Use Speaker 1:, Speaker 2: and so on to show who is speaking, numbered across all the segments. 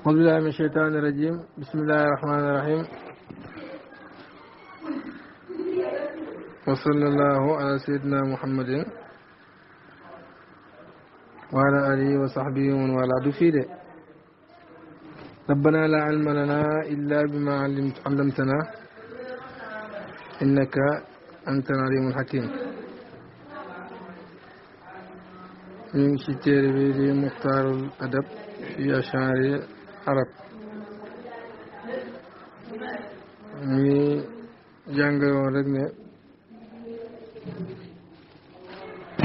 Speaker 1: أعوذ بالله من الشيطان الرجيم بسم الله الرحمن الرحيم وصلى الله على سيدنا محمد وعلى آله وصحبه ومن والاه دفيده ربنا لا علم لنا إلا بما علمت علمتنا إنك أنت العليم الحكيم من شتير بيدي مختار الأدب في أشعار arab muy jàngale woon rek ne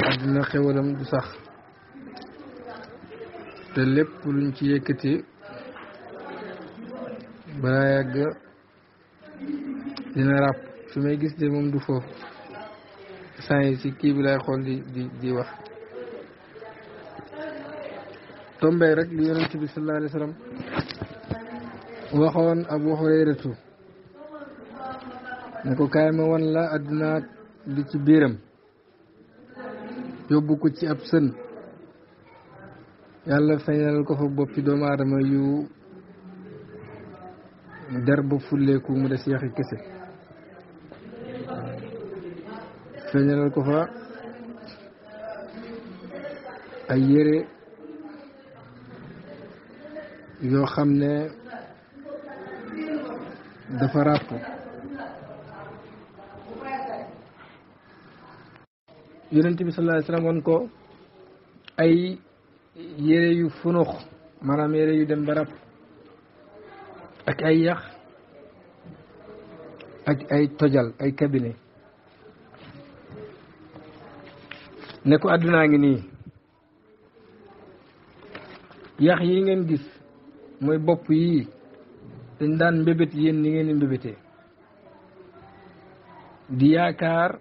Speaker 1: àddina xewalam du sax te lépp luñ ci yëkkati balaa yàgg dina ràpp su may gis de moom du foofu sant yi ci kii bi lay xool di di di wax tombee rek li ci bi sallallahu alayhi wa waxoon abu hurayratu ne ko kaay ma wan la àdduna di ci biiram yóbbu ko ci ab sën yàlla feeñal ko fa boppi doomu aadama yu der ba fulleeku mu des yaxi kese feeñalal ko fa ay yére yoo xam ne
Speaker 2: dafa ràpp
Speaker 1: yonent bi sallallahu ko ay yére yu funux maanaam yére yu dem ba ràpp ak ay yax ak ay tojal ay cabinet ne ko àddunaa ngi nii yax yi ngeen gis mooy bopp yi dañ daan mbébét yéen ni ngeen di mbébétee di yaakaar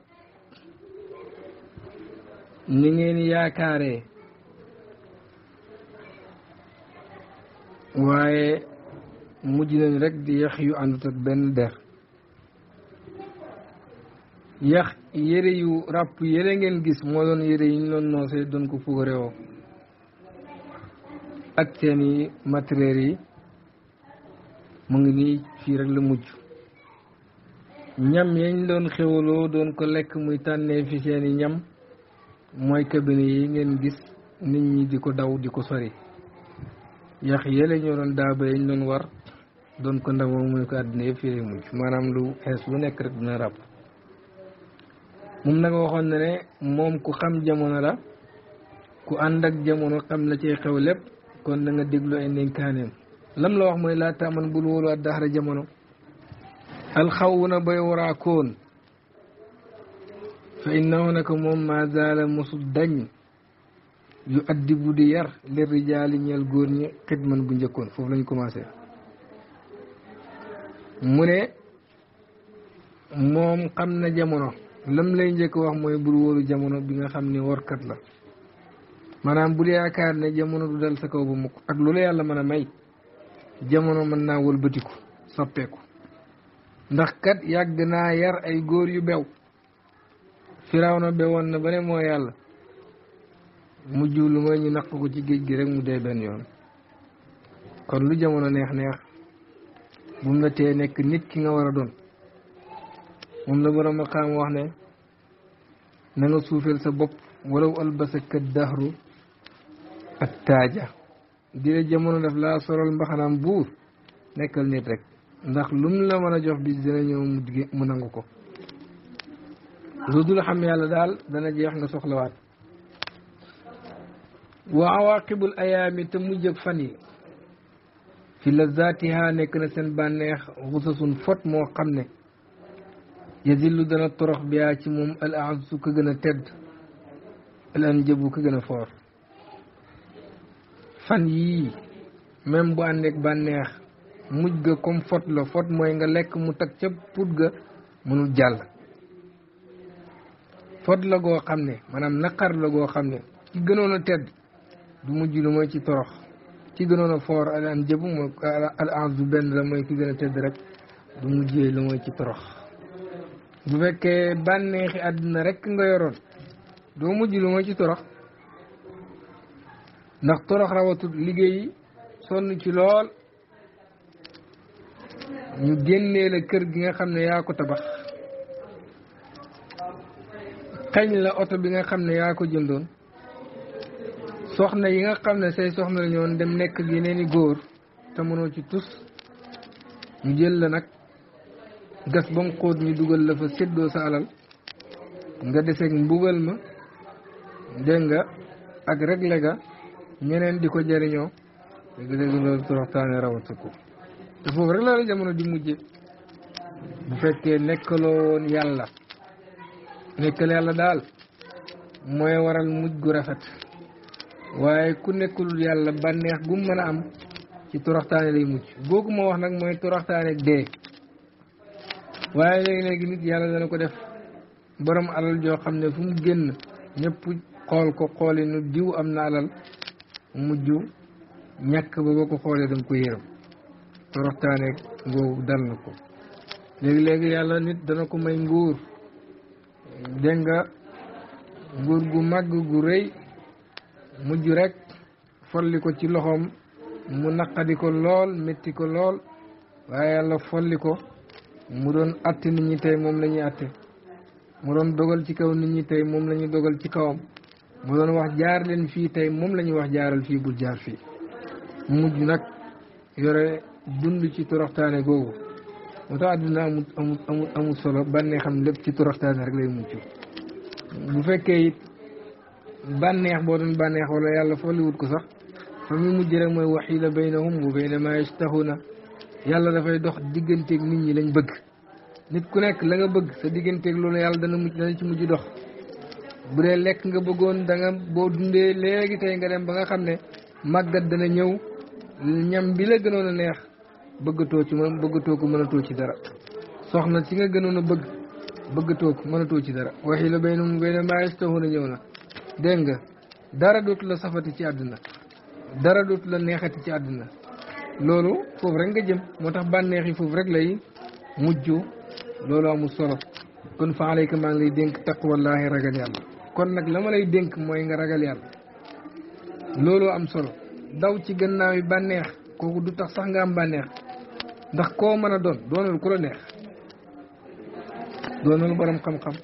Speaker 1: ni ngeen yaakaaree waaye mujj nañ rek di yax yu àndut ak benn der yax yére yu ràpp yére ngeen gis moo doon yére yi ñu doon noosee doon ko fuugarewoo ak seen i yi mu ngi nii fii rek la mujj ñam yañ doon xewaloo doon ko lekk muy tànnee fi seeni ñam mooy cabinet yi ngeen gis nit ñi di ko daw di ko sori yax yële ñoo doon daaba yañ doon war doon ko ndamoo muy ko àddina yëpp fii lay mujj maanaam lu xees lu nekk rek dina ràpp moom nag waxoon na ne moom ku xam jamono la ku ànd ak jamono xam la cay xew lépp kon na déglu ay ndénkaaneem lam la wax mooy laa taaman bul wóolu ak daxara jamono alxaw na bay waraakoon fa innahu naka moom maa zaala mosu dañ yu addi di yar li rijaali ñeel góor ñi man bu njëkkoon foofu lañu commencé mu ne moom xam na jamono lam lay njëkk wax mooy bul wóolu jamono bi nga xam ni warkat la maanaam bul yaakaar ne jamono du dal sa kaw ba mukk ak lu la yàlla mën a may jamono mën naa wëlbatiku soppeeku ndax kat yàgg naa yar ay góor yu bew firawna bewoon na ba ne moo yàlla mujj lu mooy ñu naq ko ci géej gi rek mu dee benn yoon kon lu jamono neex neex bum la tee nekk nit ki nga war a doon moom la borom a xam wax ne na nga suufeel sa bopp walaw albasaka dahru ak taaja jële jamono daf laa soral mbaxanaam buur nekkal nit rek ndax lum la mën a jox bi dina ñëw mu digg mu nangu ko lu dul xam yàlla daal dana jeex nga soxlawaat wa awaqibul ayaami te mujjëg fan yi fi lazatiha nekk na seen bànneex xusasun fot moo xam ne yazillu dana torox biyaa ci moom al ahsu ka gën a tedd al anjabu ka gën a foor fan yi même bu àndeeg banex mujj ga comme fot la fot moy nga lek mu tak ca put ga munu jall fot la go xamne ne nakar la go xamne ne ci gënoon tedd du mujj lu moy ci torox ci gënoon for ala al an jëbu mooy al anzu ben la moy ci gën tedd rek du mujjee lu moy ci torox bu fekke banexi aduna rek nga yoron do mujj lu moy ci torox ndax torox rawatu liggéey sonn ci lool ñu génnee la kër gi nga xam ne yaa ko tabax xañ la oto bi nga xam ne yaa ko jëndoon soxna yi nga xam ne say soxna la dem nekk ak yeneen i góor te mënoo ci tus ñu jël la nag gas ba mu ñu dugal la fa séddoo sa alal nga deseeg mbugal ma dégg nga ak regle ga ñeneen di ko jariñoo dëgg toroxtaane rawatu ko te foofu rek la jamono di mujje bu fekkee nekkaloo woon yàlla nekkal yàlla daal mooy waral mujj gu rafet waaye ku nekkulul yàlla bànneex gu mën a am ci toroxtaane lay mujj googu ma wax nag mooy toroxtaane dee waaye léegi-léegi nit yàlla dana ko def boroom alal joo xam ne fu mu génn ñëpp xool ko xooli nu diw am na alal mujj ñàkk ba boo ko xoolee dam ko yërëm toroxtaane ngoogu dal na ko léegi-léegi yàlla nit dana ko may nguur dégg nga nguur gu màgg gu rëy mujj rek folli ko ci loxoom mu naqadi ko lool métti ko lool waaye yàlla folli ko mu doon atte nit ñi tey moom la ñuy atte mu doon dogal ci kaw nit ñi tey moom lañuy dogal ci kawam moo doon wax jaar leen fii tey moom la ñuy wax jaaral fii bul jaar fii mujj nag yore dund ci toroxtaane googu moo tax àdduna amut amut amut amut solo bànnee lépp ci toroxtaane rek lay mucc bu fekkee it bànneex boo doon bànneex wala yàlla foo liwut ko sax fa mu mujj rek mooy waxiila baynahum wa bayna maa yastahuuna yàlla dafay dox digganteeg nit ñi lañ bëgg nit ku nekk la nga bëgg sa digganteeg loolu yàlla dana mujj dana ci mujj dox bu dee lekk nga bëggoon danga boo dundee léegi tey nga dem ba nga xam ne màggat dana ñëw ñam bi la gënoon a neex bëggatoo ci ma bëggatoo ko mënatoo ci dara soxna si nga gënoon a bëgg bëggatoo ko mënatoo ci dara waxi la bay num bay na maa yastahuuna ñëw na dégg nga dara dootu la safati ci àdduna dara dootu la neexati ci àdduna loolu foofu rek nga jëm moo tax bànneex yi foofu rek lay mujj loolu amul solo kon fa alayka maa ngi lay dénk taqwallahi ragal yàlla kon nag la ma lay dénk mooy nga ragal yàlla looloo am solo daw ci gannaaw yi bànneex kooku du tax sax nga am bànneex ndax koo mën a doon doonal ku la neex donal borom xam-xam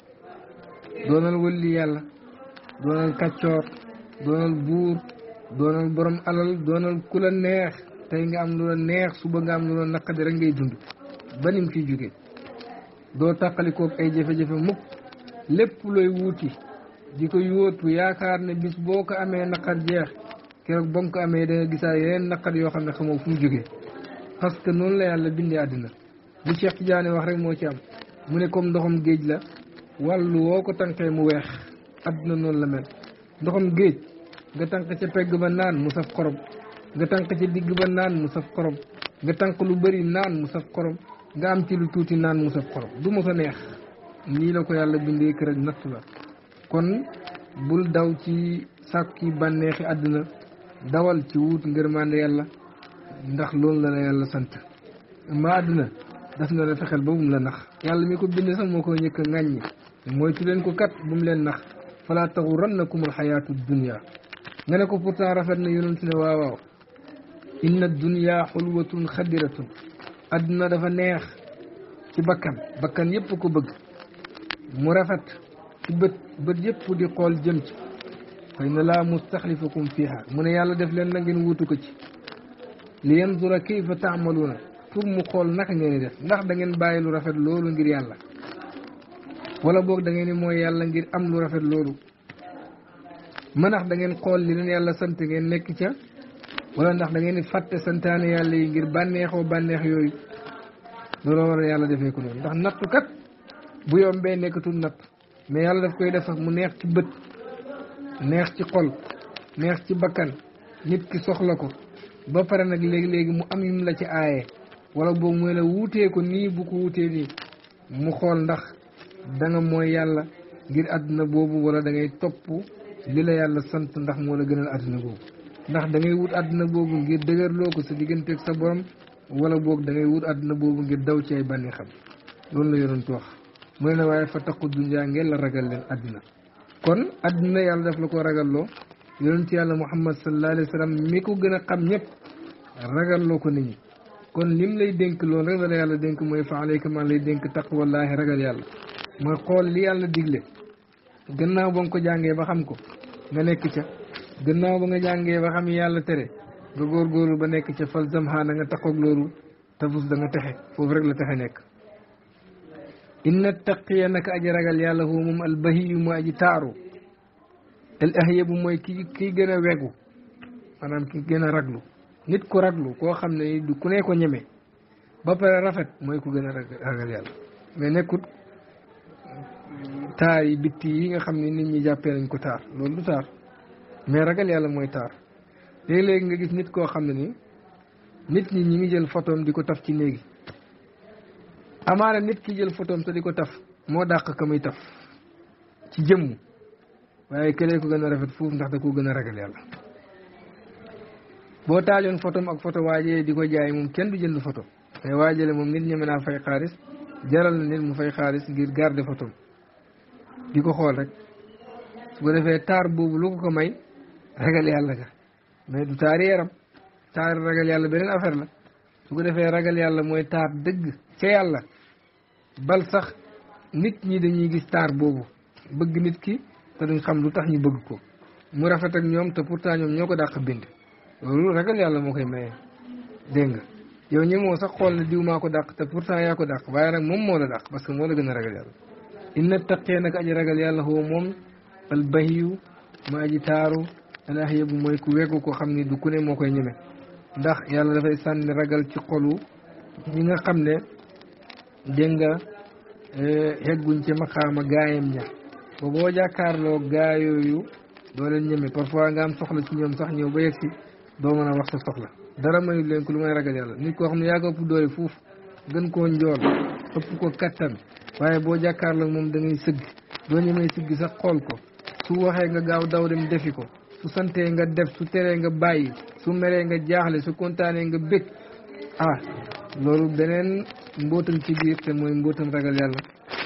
Speaker 1: doonal wëlli yàlla doonal kàccoor doonal buur doonal borom alal donal ku la neex tey nga am lu la neex suba nga am lu la naqadi rek ngay dund ba nim jóge doo ay jafe-jafe mukk lépp looy wuuti di ko yóotu yaakaar ne bis boo ko amee naqar jeex keroog ba mu ko amee da nga gisaa yeneen naqar yoo xam ne xamoo fu mu jógee parce que noonu la yàlla bindee àddina li Cheikh Tidiane wax rek moo ci am mu ne comme ndoxam géej la wàllu woo ko tànkee mu weex àdduna noonu la mel ndoxam géej nga tànk ca pegg ba naan mu saf xorom nga tànk ca digg ba naan mu saf xorom nga tànk lu bëri naan mu saf xorom nga am ci lu tuuti naan mu saf xorom du mos a neex nii ko yàlla bindee kër ak natt kon bul daw ci sàkki banexi aduna dawal ci wut ngërmande yàlla ndax lool la la yàlla sant ma aduna daf na la fexel bu mu la nax yàlla mi ko bind sax moko ñëk ngañ moy ci len ko kat bu mu len nax fala taghurannakum xayaatu dunya ngene ko pourtant rafet na yoonu ne waaw waaw inna dunya hulwatun khadiratun aduna dafa neex ci bakkan bakkan yépp ko bëgg mu rafet ci bëtt bët yëpp di xool jëm ci fa inna laa mustaxlifakum fiha mu ne yàlla def leen la ngeen wutu ko ci li yanzura kayfa na pour mu xool naka ngeen di def ndax da ngeen bàyyi lu rafet loolu ngir yàlla wala boog da ngeen ni mooy yàlla ngir am lu rafet loolu ma ndax da ngeen xool li leen yàlla sant ngeen nekk ca wala ndax da ngeen di fàtte santaane yàlla yi ngir bànneexoo bànneex yooyu looloo war a yàlla defee ko noonu ndax nattukat bu yombee nekkatul natt mais yàlla daf koy defar mu neex ci bët neex ci xol neex ci bakkan nit ki soxla ko ba pare nag léegi-léegi mu am yum la ci aaye wala boobu mooy la wuutee ko nii bu ko wuutee nii mu xool ndax da nga mooy yàlla ngir àdduna boobu wala da ngay topp li la yàlla sant ndax moo la gënal àdduna boobu ndax da ngay wut àddina boobu ngir dëgërloo ko sa digganteeg sa borom wala boog da ngay wut àdduna boobu ngir daw ci ay bànneexam loolu la yonent wax mu ne la waaye fa taq dunyaa ngeen la ragal leen adduna kon adduna yàlla daf la ko ragalloo yonent yàlla muhammad sallallahu alayhi wa sallam mi ko gën a xam ñëpp loo ko ni ñi kon lim lay dénk loolu rek la la yàlla denk mooy fa alayka maa lay dénk taqwallaahi ragal yàlla mooy xool li yàlla digle gannaaw ba nga ko jàngee ba xam ko nga nekk ca gannaaw ba nga jàngee ba xam yàlla tere nga góorgóorlu ba nekk ca falzamha na nga taxoog loolu tafus da nga texe foofu rek la texe nekk inna taqiya naka aji ragal yàlla foofu moom albahiyu mooy aji taaru al ahyabu mooy ki ki gën a wegu manaam ki gën a raglu nit ku raglu koo xam ne du ku ne ko ñeme ba pare rafet mooy ku gën a ragal yàlla mais nekkut taar yi bitti yi nga xam ne nit ñi jàppee nañ ko taar loolu du taar mais ragal yàlla mooy taar léeg léegi nga gis nit koo xam ne ni nit ñi ñi ngi jël photom di ko taf ci néegi amaana nit ki jël photom te di ko taf moo dàq ka muy taf ci jëmm waaye këlee ko gën a rafet foofu ndax da koo gën a ragal yàlla boo taajoon photom ak photo waajee di ko jaay moom kenn du jënd photo waajale moom nit ñeme naa fay xaalis jaral na nit mu fay xaalis ngir garder photom ko xool rek su defee taar boobu lu ko ko may ragal yàlla ga mais du taari yaram taar ragal yàlla beneen affaire la su ko defee ragal yàlla mooy taar dëgg ca yàlla bal sax nit ñi dañuy gis taar boobu bëgg nit ki te duñ xam lu tax ñu bëgg ko mu rafet ak ñoom te pourtant ñoom ñoo ko dàq bind loolu ragal yàlla moo koy maye dégg nga yow ñemoo sax xool ne diw maa ko dàq te pourtant yaa ko dàq waaye nag moom moo la dàq parce que moo la gën a ragal yàlla inna taqee nag aji ragal yàlla xoo moom al bahiyu ma aji taaru alax yëbu mooy ku weggu ko xam ni du ku ne moo koy ñeme ndax yàlla dafay sànni ragal ci xolu ñi nga xam ne dégg nga eh, hegguñ ca maqaama gaayam ña ba boo jàkkaarloo gaa yooyu doo leen ñeme parfois nga am soxla ci ñoom sax ñëw ba yegg si doo mën a wax sa soxla dara mayul leen ko lu may ragal yàlla nit koo xam ne yaa ko ëpp doole fuuf gën koo njool ëpp ko kattan waaye boo jàkkaarloo moom da ngay sëgg doo ñemee sëgg sax xool ko su waxee nga gaaw daw dem defi ko su santee nga def su teree nga bàyyi su meree nga jaaxle su kontaanee nga bëgg ah loolu beneen mbootam ci biir te mooy mbootam ragal yàlla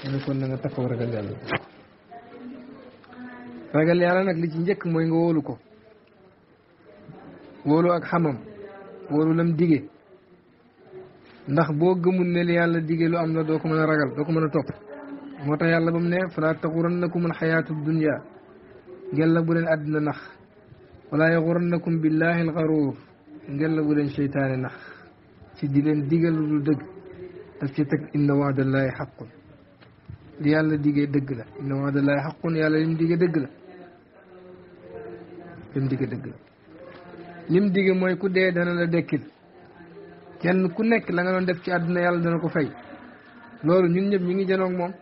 Speaker 1: mu ne kon na nga taxaw ragal yàlla ragal yàlla nag li ci njëkk mooy nga woolu ko wóolu ak xamam wóolu lam dige ndax boo gëmul ne li yàlla dige lu am la doo ko mën a ragal doo ko mën a topp moo tax yàlla ba mu ne falaa taxurannakum alxayaatu dunya ngella bu leen àddina nax wala yaxurannakum billahi alxaruur ngella bu leen seytaane nax ci di leen digal lu dul daf ci teg inna waadallaahi xaqun yàlla digee dëgg la inna waadallaahi xaqun yàlla lim digee dëgg la lim digee dëgg la lim digee mooy ku dee dana la dekkil kenn ku nekk la nga doon def ci àdduna yàlla dana ko fay loolu ñun ñëpp ñi ngi janoog moom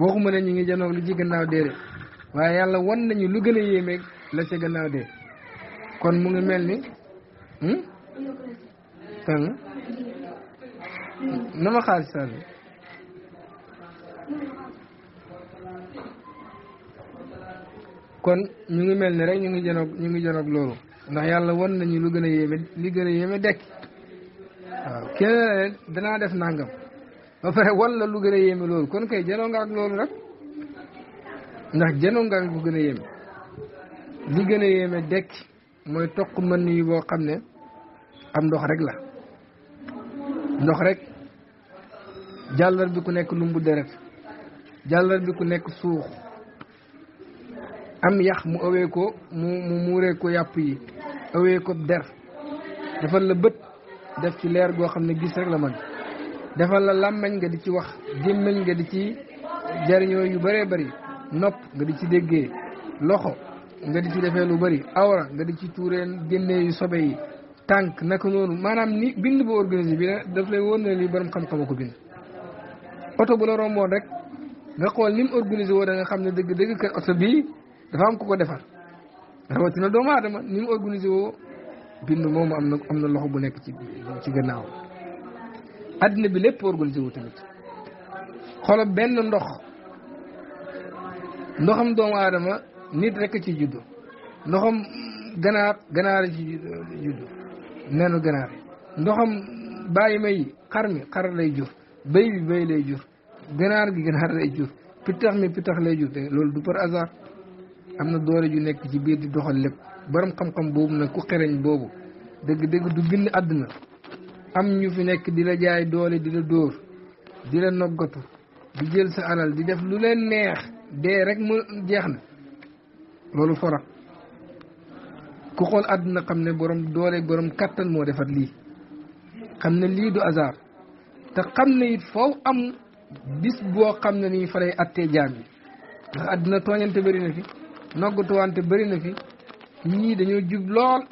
Speaker 1: waxuma ne ñu ngi janoog lu ci gannaaw dee de waaye yàlla wan nañu lu gën a yéemeeg la ca gannaaw dee kon mu ngi mel ni hmm?
Speaker 2: Hmm. na ma
Speaker 1: xaalis sànni kon ñu ngi mel ni rek ñu ngi janoog ñu ngi janoog loolu ndax yàlla wan nañu lu gën a yéeme li gën a yéeme dekk waaw kenn danaa def nangam ba pare wan la lu gën a yéeme loolu kon kay janoo nga ak loolu rek ndax janoo nga ak lu gën a yéeme li gën a yéeme dekk mooy toq mën yi boo xam ne am ndox rek la ndox rek jàllar bi ku nekk lumbu deret jàllar bi ku nekk suux am yax mu awee ko mu muuree ko yàpp yi awee ko der defal la bët def ci leer goo xam ne gis rek la mën defal la làmmañ nga di ci wax gémmiñ nga di ci jariñoo yu bëree bari nopp nga di ci déggee loxo nga di ci defee lu bari awra nga di ci tuureen génnee yu sobe yi tànk naka noonu maanaam ni bind bu organisé bi daf lay wóor ne lii borom xam-xama ko bind oto bu la romboon rek nga xool ni mu woo da nga xam ne dëgg dëgg kat oto bii dafa am ku ko defar rawatina doomu aadama ni mu woo bind moomu am na am na loxo bu nekk ci ci gannaaw addina bi lépp organisé wu tamit xoolal benn ndox ndoxam doomu aadama nit rek ci juddu ndoxam ganaar ganaar ci juddu nenu ganaar ndoxam bàyyi may xar mi xar lay jur béy bi béy lay jur ganaar gi ganaar lay jur pittax mi pittax lay jur loolu du par hasard am na doole ju nekk ci biir di doxal lépp borom xam-xam boobu nag ku xereñ boobu dëgg-dëgg du bind àdduna am ñu fi nekk di la jaay doole di la dóor di la noggatu di jël sa alal di def lu leen neex dee rek mu jeex na loolu fara ku xool àdduna xam ne borom doole borom kàttan moo defat lii xam ne lii du hasard te xam ne it foofu am bis boo xam ne nii faray attee jaam yi ndax àdduna tooñante bëri na fi noggatuwante bëri na fi ñii dañoo jub lool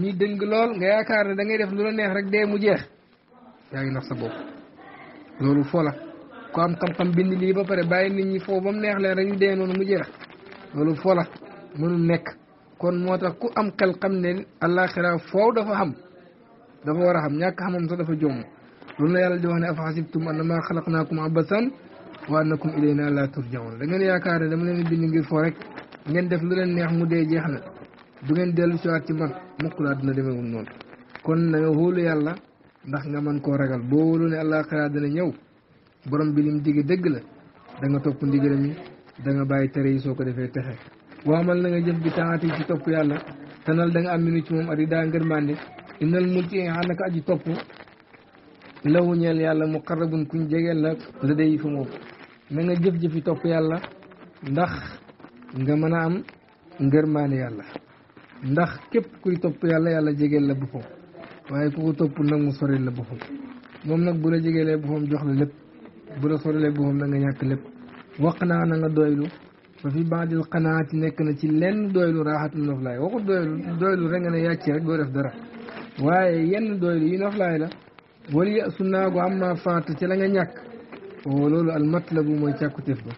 Speaker 1: ñii dëng lool nga yaakaar ne dangay def lu la neex rek dee mu jeex yaa ngi nax sa bopp loolu foo la ku am xam-xam bind lii ba pare bàyyi nit ñi foofu ba mu neex leen rek ñu dee noonu mu jeex loolu foo mënul nekk kon moo tax ku am xel xam ne àllaaxira foofu dafa xam dafa war a xam ñàkk xamam sax dafa jomm loolu la yàlla di wax ne afa xasibtum sam xalaqnaakum abasan wa annakum ilayna la turjaun da ngeen yaakaar ne dama leen bind ngir foo rek ngeen def lu leen neex mu dee jeex na du ngeen dellu si waat ci man mukk laa dina demeewul noonu kon na nga wóolu yàlla ndax nga mën koo ragal boo wóolu ne àllaaxira dana ñëw borom bi lim dige dëgg la da nga topp ndigalam yi da nga bàyyi tere yi soo ko defee texe waamal na nga jëf bi taati ci topp yàlla tanal da nga am minu ci moom ari daa ngërmande innal muti xanaka aji topp lawu ñeel yàlla mu muqarrabun kuñ jegeel la la day fa moom na nga jëf-jëfi topp yàlla ndax nga mën a am ngërmaande yàlla ndax képp kuy topp yàlla yàlla jegeel la boppam waaye ku ko topp nag mu soril la boppam moom nag bu la jegeelee boppam jox la lépp bu la sorilee boppam da nga ñàkk lépp wax naa na nga doylu fa fi baadil qanaati nekk na ci lenn doylu raaxatu noflaay waxut doylu doylu rek nga ne yàcc rek doo def dara waaye yenn doylu yi noflaay la wala yàsu naagu am naa faat ci la nga ñàkk oo oh, loolu al matlabu mooy càkkutéef ba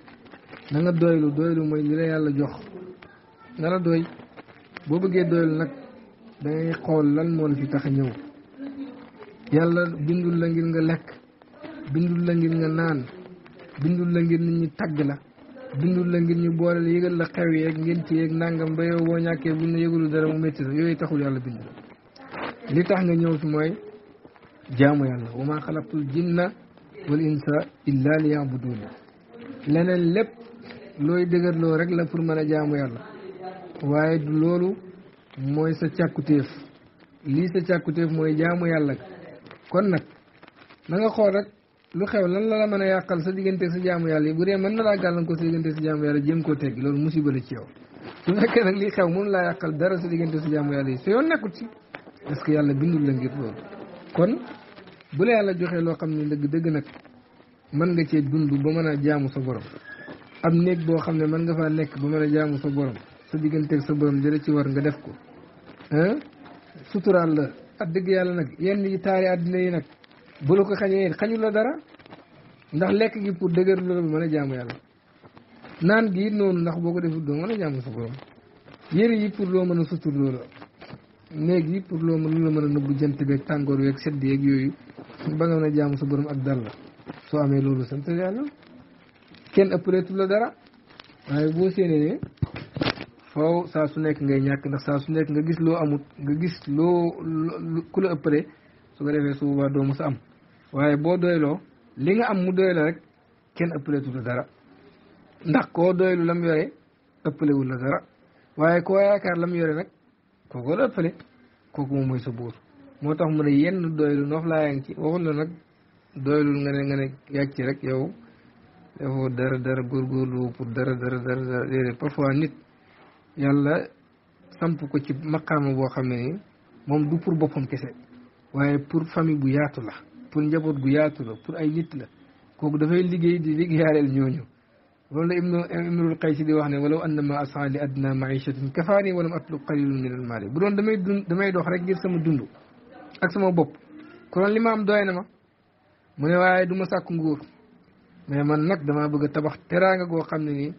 Speaker 1: na nga doylu doylu mooy li la yàlla jox na doy boo bëggee doylu nag da ngay xool lan moo la fi tax a ñëw yàlla bindul la ngir nga lekk bindul la ngir nga naan bindul la ngir nit tagg la bindul la ngir ñu boole la yëgal la xew yeeg ngeen ci yeeg nangam ba yow boo ñàkkee buñ la yëgalu dara mu métti la yooyu taxul yàlla bind li tax nga ñëw fi mooy jaamu yàlla wa maa xalaqtul jinna wal insa illa lépp looy dëgërloo rek la pour mën a jaamu yàlla waaye du loolu mooy sa càkkutéef lii sa càkkutéef mooy jaamu yàlla kon nag na xool rek lu xew lan la la mën a yàqal sa digganteeg sa jaamu yàlla yi bu dee mën na laa gàllankoor sa digganteeg sa jaamu yàlla jéem koo teggi loolu musiba la ci yow su fekkee nag lii xew mun laa yàqal dara sa digganteeg sa jaamu yàlla yi sa yoon nekkul ci parce yàlla bindul la ngir loolu kon bu la yàlla joxee loo xam ne dëgg dëgg nag mën nga cee dund ba mën a jaamu sa borom am néeg boo xam ne mën nga faa nekk ba mën a jaamu sa borom sa digganteeg sa borom jële ci war nga def ko suturaal la ak yàlla nag yenn yi taari àddina nag bu la ko xañee xañul la dara ndax lekk gi pour dëgër loolu mën a jaamu yàlla naan gi it noonu ndax boo ko defut doo mën a jaamu sa borom yére yi pour loo mën a sutur loola néeg yi pour loo mën la mën a nëbbu jant beeg tàngoor beeg sedd yeeg yooyu ba a jaamu sa boroom ak dal la soo amee loolu sant yàlla kenn ëppaleetul la dara waaye boo séenee faw saa su nekk ngay ñàkk ndax saa su nekk nga gis loo amut nga gis loo ku la ëppale su ko defee doo mos a am waaye boo doyloo li nga am mu doyla rek kenn ëppaleetu la dara ndax koo doylu la yore ëppalewul la dara waaye koo yaakaar la yore nag kooku la ëppale kooku moom mooy sa buur moo tax mu ne yenn doylu noof laa yaa ci waxul la nag doylul nga ne nga ne ci rek yow defoo dara góor góorgóorlu pour dara dara dara dara déedéet parfois nit yàlla samp ko ci maqaama boo xam ne ni moom du pour boppam kese waaye pour famille bu yaatu la pour njaboot gu yaatu la pour ay nit la kooku dafay liggéey di liggéeyaaleel ñooñu loolu la ibnu imrul qaysi di wax ne walaw annama asan li adna maichatin kafaani walam atlub qalilun min al mali bu doon damay dund dox rek ngir sama dund ak sama bopp konoon li ma am doy na ma mu ne waaye du ma sàkku nguur mais man nag damaa bëgg tabax teraanga goo xam ne nii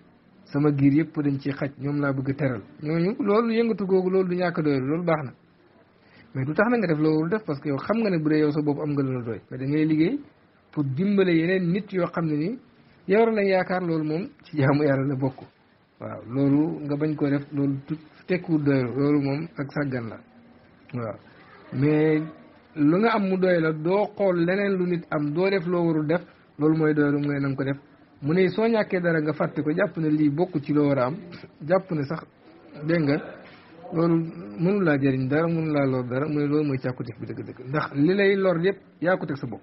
Speaker 1: sama giir yëpp dañ ciy xaj ñoom laa bëgg a teral ñooñu loolu yëngatu googu loolu du ñàkk doylu loolu baax na mais lu tax na nga def loolu def parce que yow xam nga ne bu dee yow sa bopp am nga lu la doy mais da liggéey pour dimbale yeneen nit yoo xam ne nii yow lañ yaakaar loolu moom ci jaamu yàlla la bokk waaw loolu nga bañ koo def loolu tekku doy loolu moom ak sàggan la waaw mais lu nga am mu doy la doo xool leneen lu nit am doo def loo warul def loolu mooy doy lu mu ne na nga ko def mu ne soo ñàkkee dara nga fàtte ko jàpp ne lii bokk ci loo war a am jàpp ne sax dégg nga loolu mënu laa jëriñ dara mënu laa lor dara mu ne loolu mooy càkkuteef bi dëgg-dëgg ndax li lay lor yëpp yaa ko teg sa bopp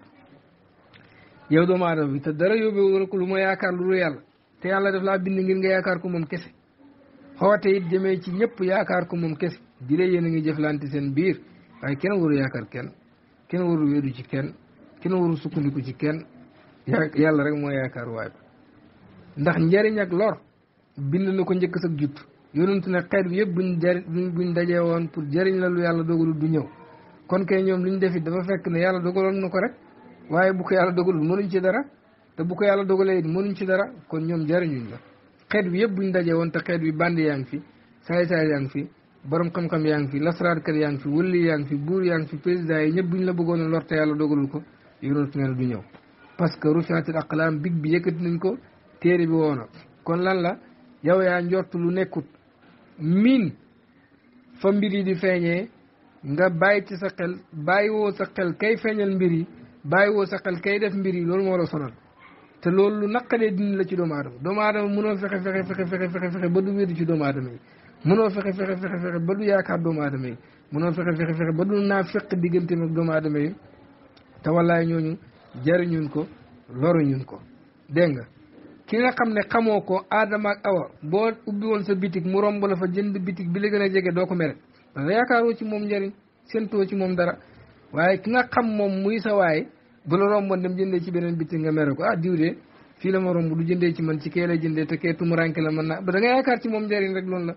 Speaker 1: yow doomu aadama bi te dara yóbbeewul ko lu ma yaakaar lu yàlla te yàlla def laa bind ngir nga yaakaar ko moom kese xawate it jëmee ci ñëpp yaakaar ko moom kese di leen yéen a ngi jëflante seen biir waaye kenn waru yaakaar kenn kenn waru wéedu ci kenn kenn waru sukkandiku ci kenn yàlla rek mooy yaakaar waay ndax njëriñ ak bind na ko njëkk sa jut yonentu ne xeet bi yëpp buñ jar dajee woon pour jëriñ la lu yàlla dogalul du ñëw kon kay ñoom li ñu def it dafa fekk ne yàlla dogaloon na ko rek waaye bu ko yàlla dogalul mënuñ ci dara te bu ko yàlla dogalee it mënuñ ci dara kon ñoom jariñu la xeet bi bu ñu dajee woon te xeet bi band yaa ngi fi saay-saay yaa ngi fi borom xam-xam yaa ngi fi lasraarkat yaa ngi fi wëlli yaa ngi fi buur yaa ngi président yi ñëpp buñ la bëggoon a lor te yàlla dogalul ko yonentu ne du ñëw parce que rufiatil aqlaam big bi yëkkati nañ ko téere bi woona kon lan la yow yaa njort lu nekkut min fa mbir yi di feeñee nga bàyyi ci sa xel bàyyi woo sa xel kay feeñal mbir yi bàyyi woo sa xel kay def mbir yi loolu moo la sonal te loolu lu naqadee dindi la ci doomu aadama doomu mënoo fexe fexe fexe fexe fexe fexe ba du wéedu ci doomu aadama yi mënoo fexe fexe fexe fexe ba du yaakaar doomu aadama yi mënoo fexe fexe fexe ba du naa feq diggante ak doomu aadama yi te wallaay ñooñu jariñuñ ko loruñuñ ko dégg nga ki nga xam ne xamoo ko aadama ak awa boo ubbi woon sa bitig mu romb la fa jënd bitig bi la gën a jege doo ko mere danga yaakaaroo ci moom njëriñ séentoo ci moom dara waaye ki nga xam moom muy sa waay bu la romboon dem jëndee ci beneen bitig nga mere ko ah fii la ma romb du jëndee ci ci kee la jëndee te kee mën naa ba da nga yaakaar ci moom njëriñ rek loolu la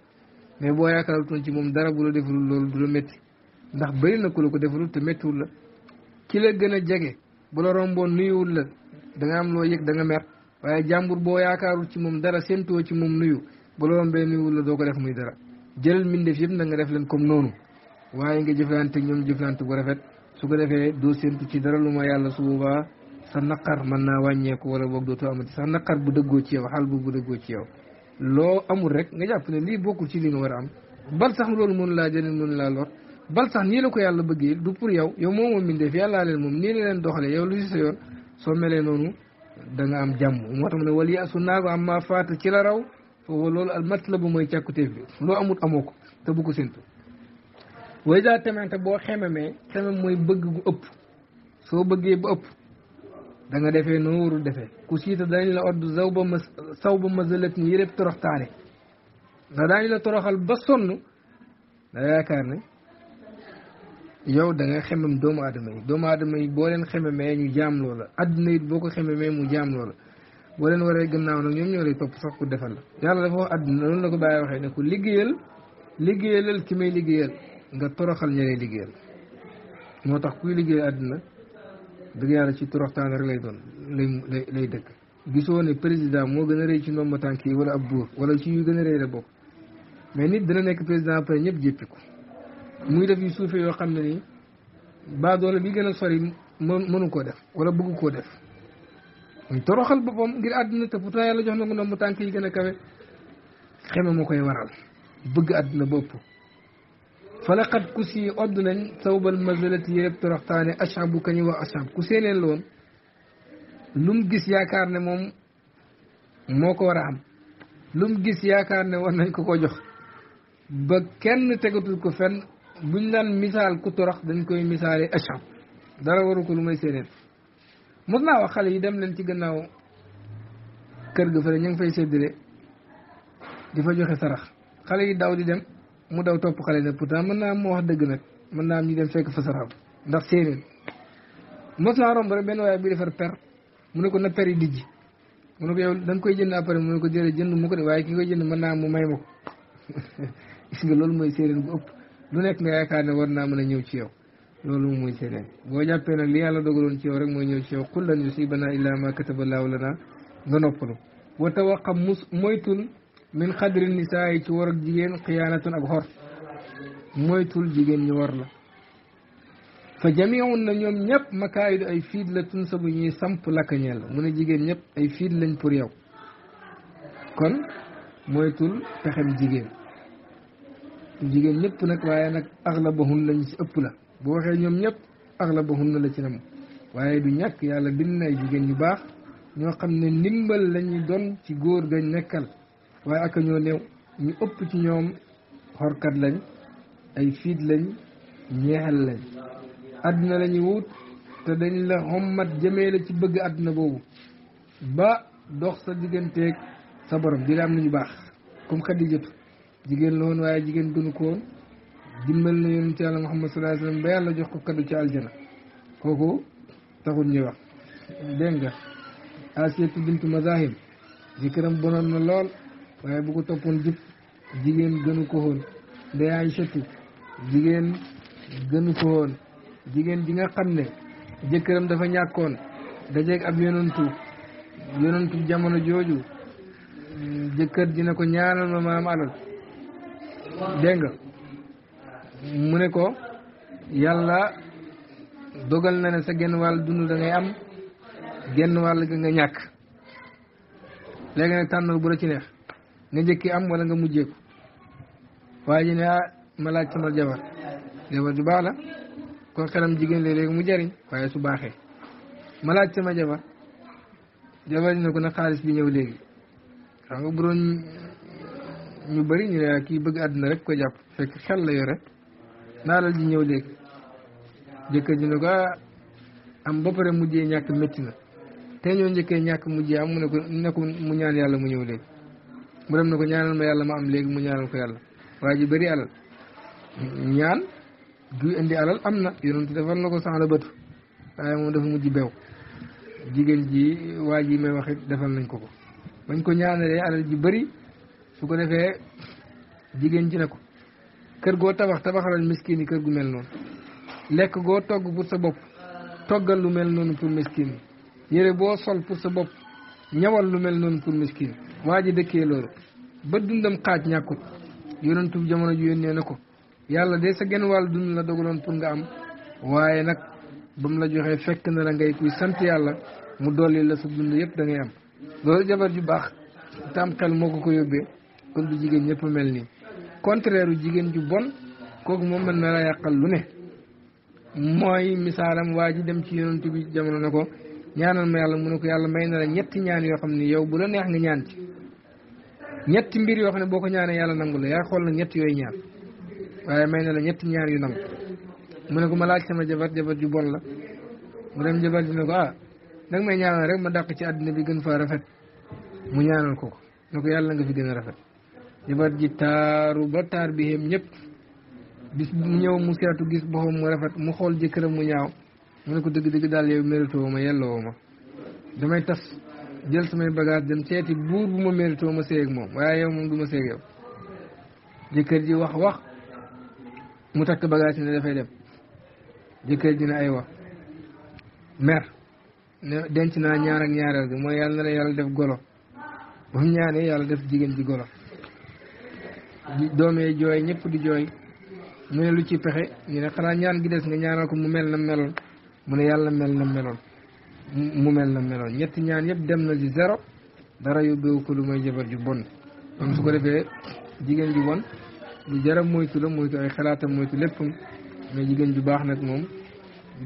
Speaker 1: mais boo yaakaarutoon ci moom dara bu la defalul loolu du la na ku la ko defalul la ki la gën a jege bu la romboon nuyuwul la danga am loo yëg danga mer waaye jàmbur boo yaakaarul ci moom dara séntoo ci moom nuyu bu la rombee nuyuwul la doo ko def muy dara jëlal mbindeef yëpp na nga def leen comme noonu waaye nga jëflante ñoom jëflante bu rafet su ko defee doo séntu ci dara lu ma yàlla su boobaa sa naqar mën naa wàññeeku wala boog dootoo amati sa naqar bu dëggoo ci yow xal bu bu loo amul rek nga jàpp ne lii bokkul ci li nga war a am bal sax loolu mënu laa jëlee mënu laa lor bal sax nii la ko yàlla bëggee du pour yow yow moo moom mbindeef yàllaa leen moom nii la leen doxalee yow lu ci sa yoon soo melee noonu danga am jàmm moo tax mu ne wala yaasu maa faata ci la raw foofu loolu al matlabu mooy càkkutéef bi loo amut amoo ko te bu ko séntu way daa temente boo xememee xemem mooy bëgg gu ëpp soo bëggee ba ëpp danga nga defee noo warul defee ku siita daañu la odd saw ba ma saw ba mazalat ni yëréb toroxtaane ndax daañu la toroxal ba sonn da yaakaar ne yow da nga xemem doomu aadama yi doomu aadama yi boo leen xememee ñu jaam loola adduna it boo ko xememee mu jaam loola boo leen waree gannaaw nag ñoom ñoo lay topp sax ku defal la yàlla dafa wax adduna loolu la ko bàyyi waxee ne ko liggéeyal liggéeyalal ki may liggéeyal nga toroxal ña lay liggéeyal moo tax kuy liggéeyal adduna dëgg yàlla ci toroxtaan rek lay doon lay lay dëkk gisoo ne président moo gën a rëy ci ma tànk yi wala ab buur wala ci gën a rëy bokk mais nit dina nekk président après ñëpp jéppi ko muy def yu suufee yoo xam ne nii ni doole bi gën a sori mënu koo def wala bëgg koo def muy toroxal boppam ngir àdduna te pourtant jox na ko ndoom mu tànk yi gën a kawe xeme moo koy waral bëgg àdduna bopp falaxat ku si odd nañ sawbal mazalati yërëb toroxtaane ashab bu kañu wax ashab ku seeneen loon lu mu gis yaakaar ne moom moo ko war a am lu gis yaakaar ne war nañ ko ko jox ba kenn tegatul ko fen buñ daan misaal ku torox dañ koy misaale ashab dara waru ko lu may séeréer mos naa wax xale yi dem leen ci gannaaw kër ga fële ñu ngi fay séddale di fa joxe sarax xale yi daw di dem mu daw topp xale nag pourtant mën naa am mu wax dëgg nag mën naa am ñu dem fekk fa sarax ndax benn waaye bi defar per mu ne ko na per yi dijji mu ne ko yow da koy jënd après mu ne ko jëre jënd mu de waaye ki koy jënd mën naa am mu may ma loolu mooy séeréer bu ëpp lu nekk nga yaakaar na war naa mën a ñëw ci yow loolu moom mooy seeneen boo jàppee nag li yàlla dogaloon ci yow rek mooy ñëw ci yow qul lan yusibanaa illaa maa kataba llaahu lanaa nga noppalu wa tawaqa mus moytul min xadri nisaa yi ci war ak jigéen xiyaanatun ak xor moytul jigéen ñi war la fa jamiun na ñoom ñëpp makaayidu ay fiid la tun sabu ñuy samp lakkañeel mu ne jigéen ñëpp ay fiid lañ pour yow kon moytul pexem jigéen jigéen ñépp nag waaye nag axlabahun lañ si ëpp la bu waxee ñoom ñëpp axlabahun na la ci nam waaye du ñàkk yàlla bind na ay jigéen ñu baax ñoo xam ne ndimbal lañuy doon ci góor gañ nekkal waaye ak ñoo néew ñu ëpp ci ñoom xorkat lañ ay fiit lañ ñeexal lañ àdduna lañuy wut te dañ la xommat jëmee la ci bëgg àdduna boobu ba dox sa digganteeg sa boroom di la am nañu baax comme xadijatu jigéen la woon waaye jigéen gënu ko woon dimbal na yonent yàlla Muhammad sallallahu alayhi wasallam ba yàlla jox ko kaddu ci aljana kooku taxul ñuy wax dégg nga asiyatu bintu mazahim jëkkëram bonoon na lool waaye bu ko toppoon jub jigéen gënu ko woon ndey Aysatu jigéen gënu ko woon jigéen ji nga xam ne jëkkëram dafa ñàkkoon dajeeg ab yonantu yonantu jamono jooju jëkkër dina ko ñaanal ma ma am dégg nga mu ne ko yàlla dogal na ne sa genn wàll dund da am genn wàll ga nga ñàkk léegi nag tànnal bu la ci neex nga njëkki am wala nga mujjeeku waaye ji ne ah ma laaj sama jabar jabar ju baax la kon xelam jigéen léeg mu jariñ waaye su baaxee ma laaj sama jabar jabar ji ne ko na xaalis bi ñëw léegi xam nga bu ñu bëri ñu ne ah, kii bëgg àddina rek ko jàpp fekk xel la yore naa la ji ñëw léegi jëkkër ji ne ah, am ba pare mujjee ñàkk métti na te ñoo njëkkee ñàkk mujjee am mu ne ko ne mu ñaan yàlla mu ñëw léegi mu dem na ko ñaanal ma yàlla ma am léegi mu ñaanal ko yàlla waa ji bëri alal ñaan du indi alal am na yonent defal na ko sans la bëtu waaye moom dafa mujj beew jigéen ji waa ji may wax defal nañ ko ko bañ ko ñaanalee alal ji bëri su ko defee jigéen ji ne ko kër goo tabax tabaxalal miskin yi kër gu mel noonu lekk goo togg pour sa bopp toggal lu mel noonu pour miskin yi yére boo sol pour sa bopp ñawal lu mel noonu pour miskin waa ji dëkkee loolu ba dundam xaaj ñàkkut yonentub jamono ju yónnee ne ko yàlla de sa genn wàll dund la dogaloon pour nga am waaye nag ba mu la joxee fekk na la ngay kuy sant yàlla mu dolli la sa dund yëpp da ngay am loolu jabar ju baax tam moo ko ko yóbbee kon du jigéen ñëpp mel nii contraire jigéen ju bon kooku moom mën na la yàqal lu ne mooy misaalam waa ju dem ci yonent bi jamono ne ko ñaanal ma yàlla mu ne ko yàlla may na la ñetti ñaan yoo xam ni yow bu la neex nga ñaan ci ñetti mbir yoo xam ne boo ko ñaanee yàlla nangu la yaa xool na ñetti yooyu ñaan waaye may na la ñetti ñaan yu nangu mu ne ko ma laaj sama jabar jabar ju bon la mu dem jabar ji ne ko ah nag may ñaanal rek ma dàq ci àddina bi gën faa rafet mu ñaanal ko ko yàlla nga fi gën a rafet jabar ji taaru ba taar bi hem ñëpp bis ñëw mu seetu gis boppam mu rafet mu xool jëkkëram mu ñaaw mu ne ko dëgg-dëgg daal yow méritoo ma yelloo ma damay tas jël samay bagage dem seeti buur bu ma méritoo ma seeg moom waaye yow moom du ma seeg yow jëkkër ji wax wax mu takk bagage ne dafay dem jëkkër ji ne ay wax mer ne denc naa ñaar ak ñaareel gi mooy yàlla na la yàlla def golo ba mu ñaanee yàlla def jigéen ji golo doomee jooy ñëpp di jooy mu ne lu ci pexe ñu ne xanaa ñaan gi des nga ñaanal ko mu mel na meloon mu ne yàlla mel na meloon mu mel na meloon ñetti ñaan yëpp dem na ci zéro dara yóbbeewu ko lu may jabar ju bon kon su ko defee jigéen ju bon lu jaram moytu la moytu ay xalaatam moytu jigéen ju baax nag moom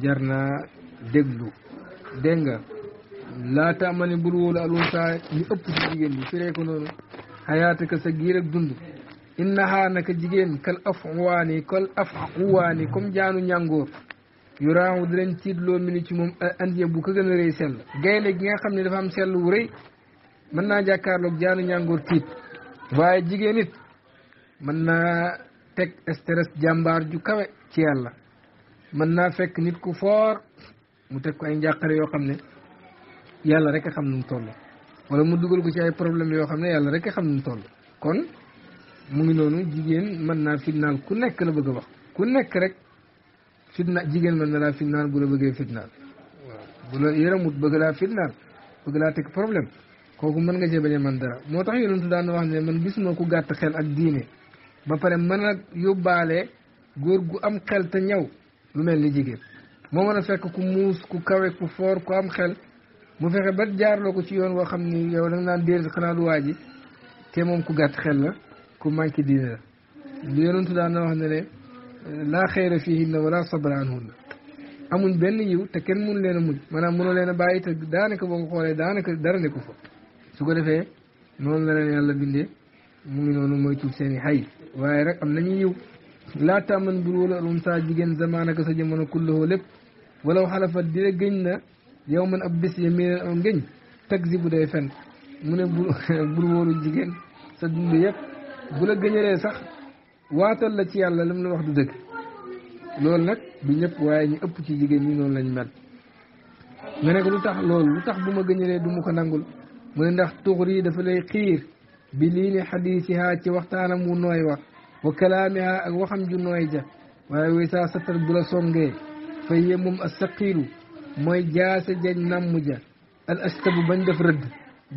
Speaker 1: jar naa déglu dégg nga laata ma ne bul wóolu alunsa ñu ëpp ci jigéen ñi firee ko noonu xayaata ka sa giir ak dund innaha naka jigéen kal afwaani kal afwaani comme jaanu ñàngoor yuraahu dinañ tiitloo mi ni ci moom andiya bu ko gën a sell gaynde gi nga xam ne dafa am sell wu rëy mën naa jàkkaarloog jaanu ñàngoor tiit waaye jigéen it mën naa teg stress jàmbaar ju kawe ci yàlla mën naa fekk nit ku foor mu teg ko ay njàqare yoo xam ne yàlla rek a xam nu mu wala mu dugal ko ci ay problème yoo xam ne yàlla rek a xam nu mu mu ngi noonu jigéen mën naa fitnaal ku nekk la bëgg a wax ku nekk rek fitna jigéen mën na laa fitnaal bu la bëggee fitnaal waaw bu la yaramut bëgg laa fitnaal bëgg laa teg problème kooku mën nga cee bañ a mën dara moo tax yonentu daan wax ne man gisuma ku gàtt xel ak diine ba pare mën a yóbbaale góor gu am xel te ñaw lu mel ni jigéen moo mën a fekk ku muus ku kawe ku foor ku am xel mu fexe ba jaarloo ko ci yoon woo xam ni yow da nga naan déedéet xanaa du waa ji te moom ku gàtt xel la ku manqué diine la lu yonentu daan na wax ne ne laa xayra fiihinna wala sabra anhunna amuñ benn yiw te kenn mënu leen a mujj maanaam mënoo leen a bàyyi te daanaka boobu ko xoolee daanaka dara ne ko fa su ko defee noonu la leen yàlla bindee mu ngi noonu mooy tuub seen i xay waaye rek am nañu yiw laa tàmman bul wala um saa jigéen zamaanaka sa jamono kulloo lépp walaw xalafat di la gëñ na yow man ab bis ya miineen aw ngëñ tag si day fen mu ne bul bul sa dund yëpp bu la gëñëree sax waatal la ci yàlla lam la wax du dëgg loolu nag du ñëpp waaye ñu ëpp ci jigéen ñi noonu lañ mel nga ne ko lu tax loolu lu tax bu ma gëñëree du mu ko nangul mu ne ndax tuxur yi dafa lay xiir bi lii ni xadiisiha ci waxtaanam wu nooy wax wa kalaamiha ak waxam ju nooy ja waaye way saa satar bu la songee fa yee moom a saqiilu mooy jaase jañ namm ja al astabu bañ def rëdd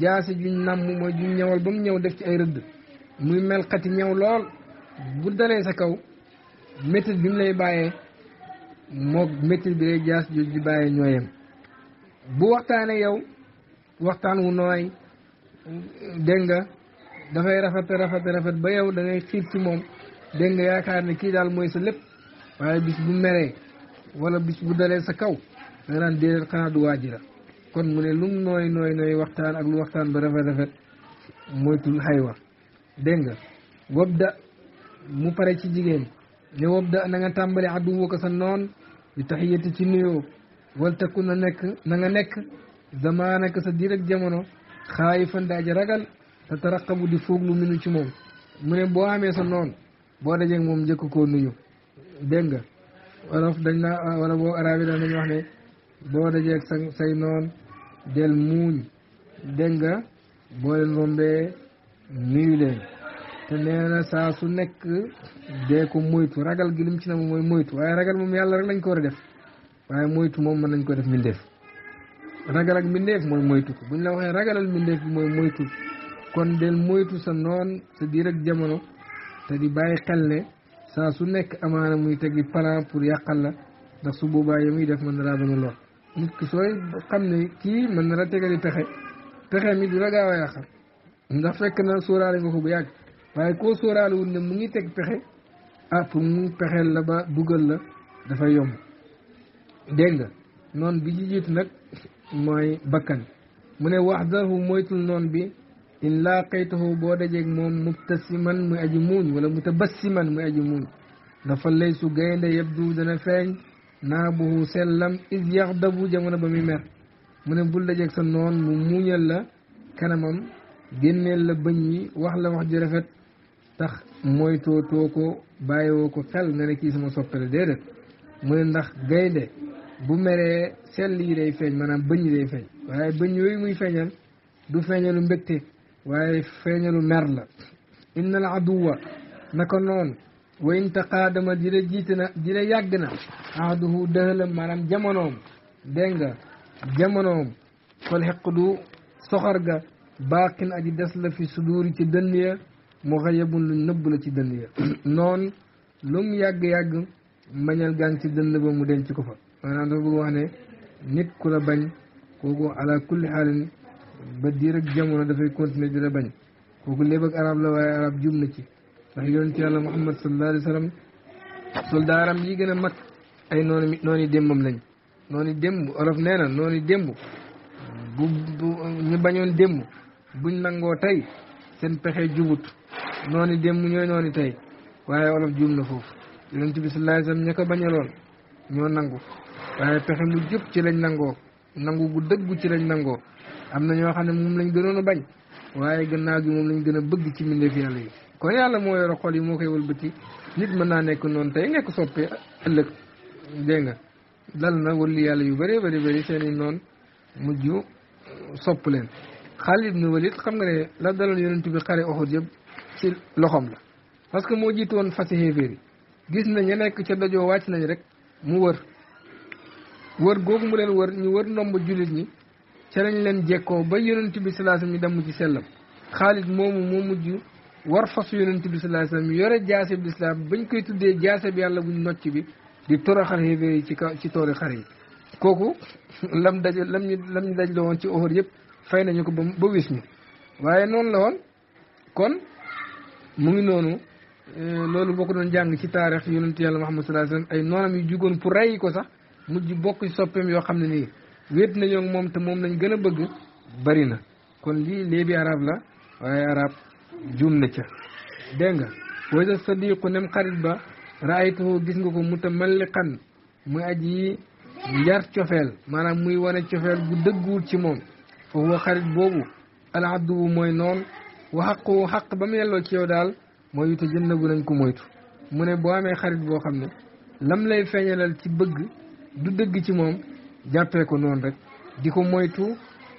Speaker 1: jaase juñ namm mooy juñ ñawal ba mu ñëw def ci ay rëdd muy melxati ñëw lool bu dalee sa kaw métit bi mu lay bàyyee moog métit bi lay jaas joj di bàyyee ñooyem bu waxtaanee yow waxtaan wu nooy dégg nga dafay rafet rafet rafet ba yow da ngay xiir ci moom dégg nga yaakaar ne kii daal mooy sa lépp waaye bis bu meree wala bis bu dalee sa kaw nga naan déedéet xanaa du waa ji la kon mu ne lum nooy nooy nooy waxtaan ak lu waxtaan ba rafet rafet moytul xaywa dégg nga wabda mu pare ci jigéen ne wabda na nga tàmbali adduwu ko sa noon bi taxiyati ci nuyoo wal takku na nekk na nga nekk zamaanaka sa diir ak jamono xaayifan daaji ragal te taraqabu di fooglu minu ci moom mu ne boo amee sa noon boo dajee moom njëkk koo nuyu dégg nga wolof dañ naa ah, wala boo arabi dañ nañu wax ne boo dajee sa say noon del muuñ dégg boo leen rombee nuyu leen te nee na saa nekk dee ko moytu ragal gi lim ci na mooy moytu waaye ragal moom yàlla rek lañ ko war a def waaye moytu moom mën nañ ko def mbindeef ragal ak mbindeef mooy moytu ko buñ la waxee ragalal mbindeef bi mooy moytu kon del moytu sa noon sa diir ak jamono te di bàyyi xel ne saa su nekk amaana muy tegi plan pour yàqal la ndax su boobaa yi muy def man na laa doon lool nit ki xam ne kii mën na la tegali pexe pexe mi di la gaaw ndax fekk na sóoraale nga ko bu yàgg waaye koo sóoraale wul ne mu ngi teg pexe ah pour mu pexeel la ba buggal la dafa yomb dégg nga noon bi ci jiitu nag mooy bakkan mu ne wax darhu moytul noon bi in laa xaytahu boo dajeeg moom mubtasiman muy aji muuñ wala mutabassiman muy aji muuñ dafa lay su gaynde yabdu dana feeñ naa buhu sellam is yaxdabu jamono ba muy mer mu ne bul dajeeg sa noon mu muuñal la kanamam génneel la bëñ yi wax la wax ji rafet tax moytoo too ko bàyyiwoo ko xel nga ne kii sama soppale déedéet mu ne ndax gaynde bu mere sell yi day feeñ manaam bañ yi day feeñ waaye bañ yooyu muy feeñal du feeñalu mbégte waaye feeñalu mer la inna al aduwa naka noonu wa in taqaadama di la jiite na di yàgg na ahduhu dëhalam maanaam jamonoom dégg nga jamonoom fal xeq du soxar ga baaqin aji des la fi suduuri ci dënn ya mu bu lu nëbb la ci dënn ya noonu lu mu yàgg-yàgg mañal gang ci dënn ba mu denc ko fa maanaam dafa bëgg wax ne nit ku la bañ kooku ala kulli dafay continuer di la bañ kooku léeb ak la waaye arab jum na ci ndax yonent yàlla muhammad sallallahu alayhi wa sallam yi gën a mag ay noonu noonu démbam lañ noonu démb olof nee na noonu démb bu bu ñu bañoon démb buñ nangoo tey seen pexe jubut noonu démb ñooy noonu tey waaye olof juum na foofu yonent bi sallallahu alayhi wasallam ña ko bañaloon ñoo nangu waaye pexe mu jëpp ci lañ nangoo nangu gu dëggu ci lañ nangoo am na ñoo xam ne moom lañ gënoon a bañ waaye gën naa gi moom lañ gën a bëgg ci mbindeef yàlla yi kon yàlla moo yor xol yi moo koy wëlbati nit mën naa nekk noon tey nekk soppee ëllëg dégg nga dal na wëlli yàlla yu bëree bëri bëri seen i noonu mujj sopp leen Xaalid ibn Walid xam nga ne la dalal yonent bi xare Uhud yëpp ci loxoom la parce que moo jiitu woon fasi xéeféer yi gis na ña nekk ca dojoo wàcc nañ rek mu wër wër googu mu leen wër ñu wër ndomb jullit ñi ca lañ leen jekkoo ba yonent bi sallallahu alayhi wasallam yi dem ci sellam xaalis moomu moo mujj war fasu yonent bi sallallahu alayhi wasallam yore jaase bi lislaam bañ koy tuddee jaase bi yàlla buñ nocc bi di toroxal xéeféer yi ci kaw ci toori xare yi kooku lam daj lam ñu lam ñu daj ci Uhud yëpp fay nañu ko ba ba wis ñu waaye noonu la woon kon mu ngi noonu euh, loolu boo ko doon jàng ci taarix yonent yàlla Muhammad sallallahu alayhi wasallam ay noonam yu jugoon pour rey ko sax mujj bokk ci soppeem yoo xam ne nii wéet nañoo moom te moom lañ gën a bëgg bari na kon lii léebi arab la waaye arab juum na ca dégg nga waysa sadiqu nem xarit ba raaytuhu gis nga ko mu mutamalliqan muy aji yar cofeel maanaam muy wane cofeel gu dëgguwul ci moom wa xarit boobu al adduwu mooy noon wa xaqu xaq ba mu yelloo ci yow daal mooy yu te jënnagu nañ ko moytu mu ne boo amee xarit boo xam ne lam lay feeñalal ci bëgg du dëgg ci moom jàppee ko noonu rek di ko moytu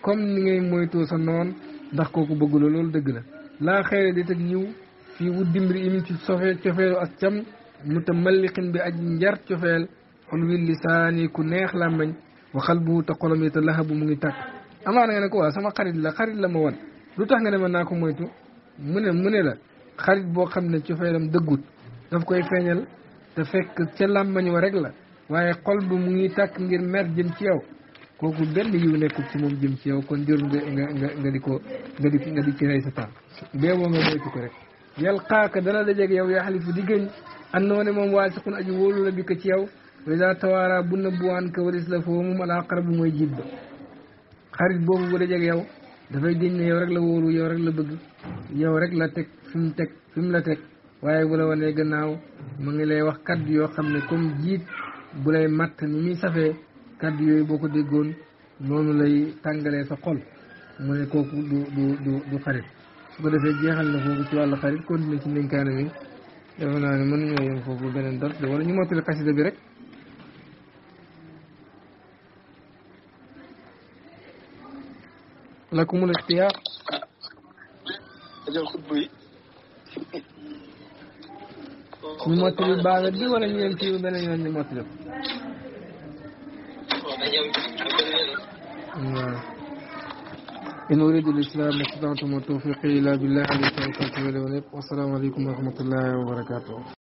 Speaker 1: comme ni ngay moytoo sa noon ndax kooku bëggu la loolu dëgg la laa xayra di teg yiw fii wut dimbali imin ci sofe cofeelu ak cam mu ta malliqin bi aj njar cofeel xul wi lisaani ku neex làmmañ waxal bu te xolom yi te laxa mu ngi tàkk amaana nga ne ko waaw sama xarit la xarit la ma wan lu tax nga ne mën naa ko moytu mu ne mu ne la xarit boo xam ne cofeelam dëggut daf koy feeñal te fekk ca làmmañ wa rek la waaye xol bu mu ngi tàkk ngir mer jëm ci yow kooku benn yiw nekkul ci moom jëm ci yow ko nga di nga di ci rey sa tànk bee boo nga moytu ko rek yal xaaka dana dajeeg yow yaxalifu di gëñ annoo ne moom waasiqun aji wóolu la bi ci yow wa ida tawaara bu nëbbuwaan ka waris la foo moom al aqrabu mooy xarit boobu bu jeg yow dafay géñ ne rek la wóolu yow rek la bëgg yow rek la teg fi mu teg fi la teg waaye bu la wanee gannaaw mu ngi lay wax kaddu yoo xam ne comme jiit bu lay matt ni muy safee kaddu yooyu boo ko déggoon noonu lay tàngalee sa xol mu ne kooku du du du du xarit su ko defee jeexal na foofu ci wàllu xarit continuer ci ndénkaane bi defe naa ne mën ñoo yem foofu beneen dot wala ñu mottali xasida bi rek لكم الاشتهاء يمثل البعض دي ولا ينتهي ولا يمثل إن
Speaker 2: أريد الإسلام ما استطعت وما إلا بالله عليه التوفيق والسلام عليكم ورحمة الله وبركاته